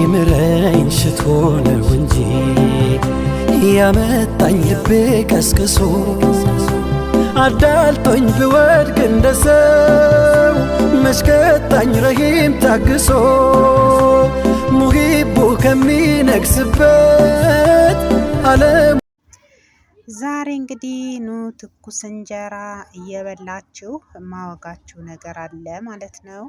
ሊምረኝ ሽቶ ነው እንጂ ያመጣኝ ልቤ ቀስቅሶ አዳልጦኝ ብወድቅ እንደ ሰው መሽከጣኝ ረሂም ታግሶ ሙሂቡ ከሚነግስበት ዓለም ዛሬ እንግዲህ ኑ ትኩስ እንጀራ እየበላችሁ ማወጋችሁ ነገር አለ ማለት ነው።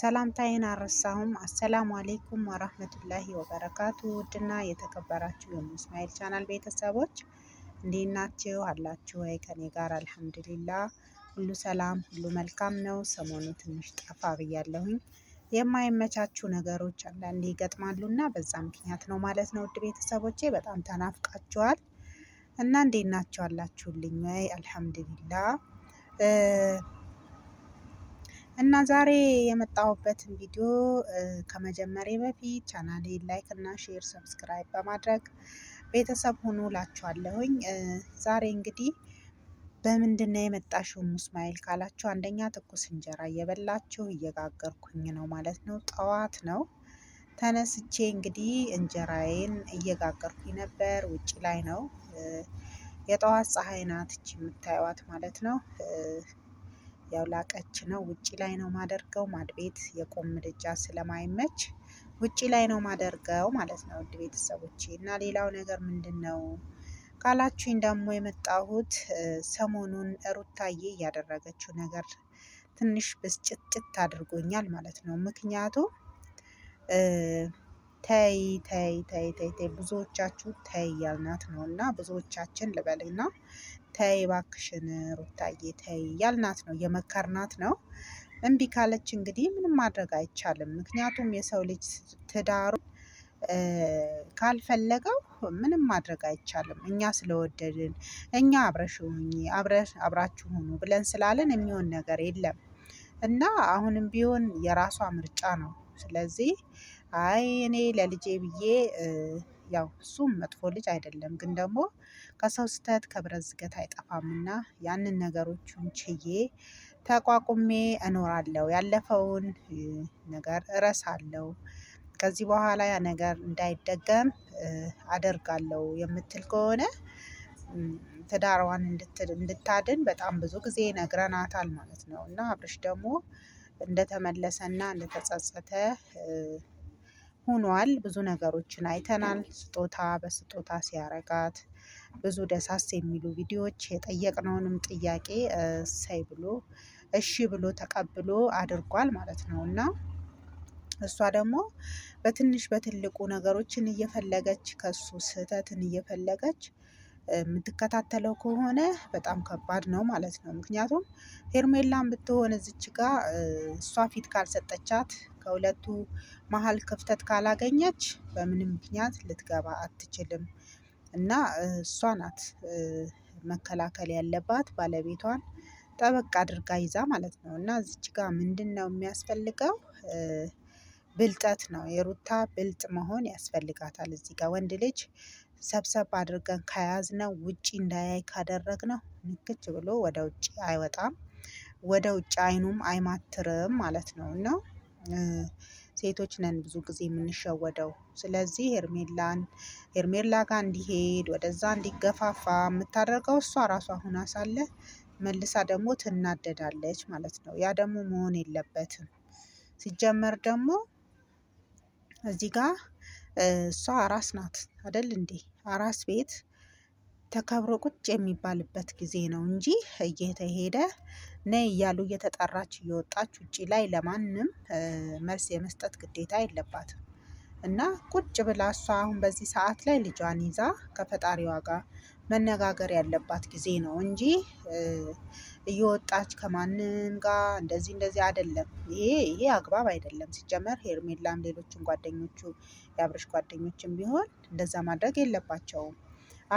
ሰላምታዬን አረሳሁም አሰላሙ አሌይኩም ወራህመቱላሂ ወበረካቱ። ውድና የተከበራችሁ የሙስማኤል ቻናል ቤተሰቦች እንዴት ናችሁ? አላችሁ ወይ? ከኔ ጋር አልሐምዱሊላ ሁሉ ሰላም፣ ሁሉ መልካም ነው። ሰሞኑ ትንሽ ጠፋ ብያለሁኝ። የማይመቻችሁ ነገሮች አንዳንዴ ይገጥማሉና በዛ ምክንያት ነው ማለት ነው። ውድ ቤተሰቦቼ በጣም ተናፍቃችኋል እና እንዴት ናችሁ? አላችሁልኝ ወይ? አልሐምዱሊላ እና ዛሬ የመጣሁበትን ቪዲዮ ከመጀመሪያ በፊት ቻናሌ ላይክ እና ሼር ሰብስክራይብ በማድረግ ቤተሰብ ሆኖ ላችኋለሁኝ። ዛሬ እንግዲህ በምንድን ነው የመጣሽው ሙስማኤል ካላችሁ፣ አንደኛ ትኩስ እንጀራ እየበላችሁ እየጋገርኩኝ ነው ማለት ነው። ጠዋት ነው ተነስቼ እንግዲህ እንጀራዬን እየጋገርኩኝ ነበር። ውጭ ላይ ነው የጠዋት ፀሐይ ናት እች የምታዩዋት ማለት ነው። ያው ላቀች ነው። ውጪ ላይ ነው ማደርገው። ማድቤት የቆም ምድጃ ስለማይመች ውጪ ላይ ነው ማደርገው ማለት ነው ውድ ቤተሰቦቼ። እና ሌላው ነገር ምንድን ነው ካላችሁኝ ደግሞ የመጣሁት ሰሞኑን ሩታዬ እያደረገችው ነገር ትንሽ ብስጭትጭት አድርጎኛል ማለት ነው። ምክንያቱም ተይ ተይ ተይ ተይ ተይ ብዙዎቻችሁ ተይ ያልናት ነው እና ብዙዎቻችን ልበልና ተይ ባክሽን ሩታዬ ተይ ያልናት ነው የመከርናት ነው። እምቢ ካለች እንግዲህ ምንም ማድረግ አይቻልም። ምክንያቱም የሰው ልጅ ትዳሩን ካልፈለገው ምንም ማድረግ አይቻልም። እኛ ስለወደድን እኛ ሁኚ አብራችሁ ሁኑ ብለን ስላለን የሚሆን ነገር የለም እና አሁንም ቢሆን የራሷ ምርጫ ነው። ስለዚህ አይ እኔ ለልጄ ብዬ ያው እሱም መጥፎ ልጅ አይደለም፣ ግን ደግሞ ከሰው ስህተት ከብረት ዝገት አይጠፋምና ያንን ነገሮቹን ችዬ ተቋቁሜ እኖራለሁ። ያለፈውን ነገር እረሳለሁ። ከዚህ በኋላ ያ ነገር እንዳይደገም አደርጋለሁ የምትል ከሆነ ትዳሯን እንድታድን በጣም ብዙ ጊዜ ነግረናታል ማለት ነው። እና አብርሽ ደግሞ እንደተመለሰና እንደተጸጸተ ሆኗል። ብዙ ነገሮችን አይተናል። ስጦታ በስጦታ ሲያረጋት ብዙ ደሳስ የሚሉ ቪዲዮዎች የጠየቅነውንም ጥያቄ እሰይ ብሎ እሺ ብሎ ተቀብሎ አድርጓል ማለት ነው እና እሷ ደግሞ በትንሽ በትልቁ ነገሮችን እየፈለገች ከሱ ስህተትን እየፈለገች የምትከታተለው ከሆነ በጣም ከባድ ነው ማለት ነው። ምክንያቱም ሄርሜላም ብትሆን እዚች ጋ እሷ ፊት ካልሰጠቻት ከሁለቱ መሀል ክፍተት ካላገኘች በምንም ምክንያት ልትገባ አትችልም። እና እሷ ናት መከላከል ያለባት ባለቤቷን ጠበቅ አድርጋ ይዛ ማለት ነው። እና እዚች ምንድን ነው የሚያስፈልገው? ብልጠት ነው የሩታ ብልጥ መሆን ያስፈልጋታል። እዚህ ጋር ወንድ ልጅ ሰብሰብ አድርገን ከያዝነው ውጪ እንዳያይ ካደረግነው ንክች ብሎ ወደ ውጭ አይወጣም፣ ወደ ውጭ አይኑም አይማትርም ማለት ነው እና ሴቶች ነን ብዙ ጊዜ የምንሸወደው። ስለዚህ ሄርሜላን ሄርሜላ ጋር እንዲሄድ ወደዛ እንዲገፋፋ የምታደርገው እሷ ራሷ ሁና ሳለ መልሳ ደግሞ ትናደዳለች ማለት ነው። ያ ደግሞ መሆን የለበትም። ሲጀመር ደግሞ እዚህ ጋር እሷ አራስ ናት አደል እንዴ? አራስ ቤት ተከብሮ ቁጭ የሚባልበት ጊዜ ነው እንጂ እየተሄደ ነ እያሉ እየተጠራች እየወጣች ውጪ ላይ ለማንም መልስ የመስጠት ግዴታ የለባትም። እና ቁጭ ብላ እሷ አሁን በዚህ ሰዓት ላይ ልጇን ይዛ ከፈጣሪዋ ጋር መነጋገር ያለባት ጊዜ ነው እንጂ እየወጣች ከማንም ጋር እንደዚህ እንደዚህ አይደለም። ይሄ ይሄ አግባብ አይደለም። ሲጀመር ሄርሜላም ሌሎችን ጓደኞቹ የአብረሽ ጓደኞችም ቢሆን እንደዛ ማድረግ የለባቸውም።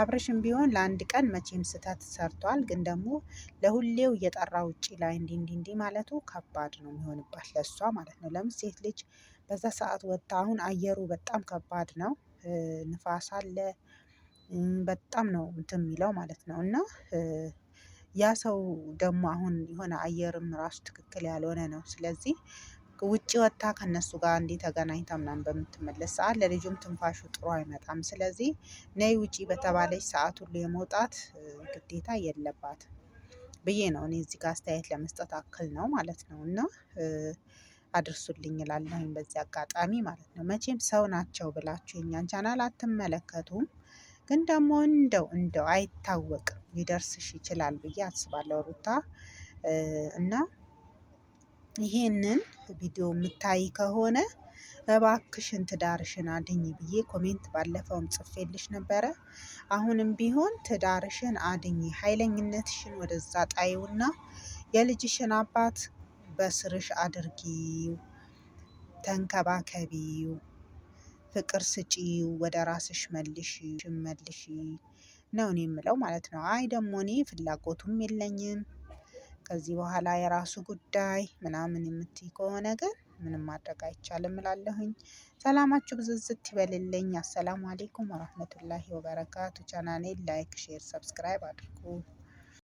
አብረሽም ቢሆን ለአንድ ቀን መቼም ስህተት ሰርቷል፣ ግን ደግሞ ለሁሌው እየጠራ ውጪ ላይ እንዲ እንዲ እንዲ ማለቱ ከባድ ነው የሚሆንባት ለእሷ ማለት ነው። ለምን ሴት ልጅ በዛ ሰዓት ወጣ። አሁን አየሩ በጣም ከባድ ነው፣ ንፋስ አለ በጣም ነው እንትን የሚለው ማለት ነው። እና ያ ሰው ደግሞ አሁን የሆነ አየርም ራሱ ትክክል ያልሆነ ነው። ስለዚህ ውጪ ወጥታ ከነሱ ጋር እንዲህ ተገናኝታ ምናምን በምትመለስ ሰዓት ለልጁም ትንፋሹ ጥሩ አይመጣም። ስለዚህ ነይ ውጪ በተባለች ሰዓት ሁሉ የመውጣት ግዴታ የለባት ብዬ ነው እኔ እዚህ ጋር አስተያየት ለመስጠት አክል ነው ማለት ነው። እና አድርሱልኝ እላለሁኝ በዚህ አጋጣሚ ማለት ነው። መቼም ሰው ናቸው ብላችሁ የኛን ቻናል አትመለከቱም ግን ደግሞ እንደው እንደው አይታወቅም ሊደርስሽ ይችላል ብዬ አስባለሁ ሩታ እና ይሄንን ቪዲዮ የምታይ ከሆነ እባክሽን ትዳርሽን አድኝ ብዬ ኮሜንት ባለፈውም ጽፌልሽ ነበረ። አሁንም ቢሆን ትዳርሽን አድኝ፣ ኃይለኝነትሽን ወደዛ ጣይውና የልጅሽን አባት በስርሽ አድርጊው፣ ተንከባከቢው ፍቅር ስጪው ወደ ራስሽ መልሽ መልሽ ነው እኔ የምለው ማለት ነው። አይ ደግሞ እኔ ፍላጎቱም የለኝም። ከዚህ በኋላ የራሱ ጉዳይ ምናምን የምትይ ከሆነ ግን ምንም ማድረግ አይቻልም እላለሁኝ። ሰላማችሁ ብዝዝት ይበልልኝ። አሰላሙ አሌይኩም ወራህመቱላሂ ወበረካቱ። ቻናኔ ላይክ ሼር ሰብስክራይብ አድርጉ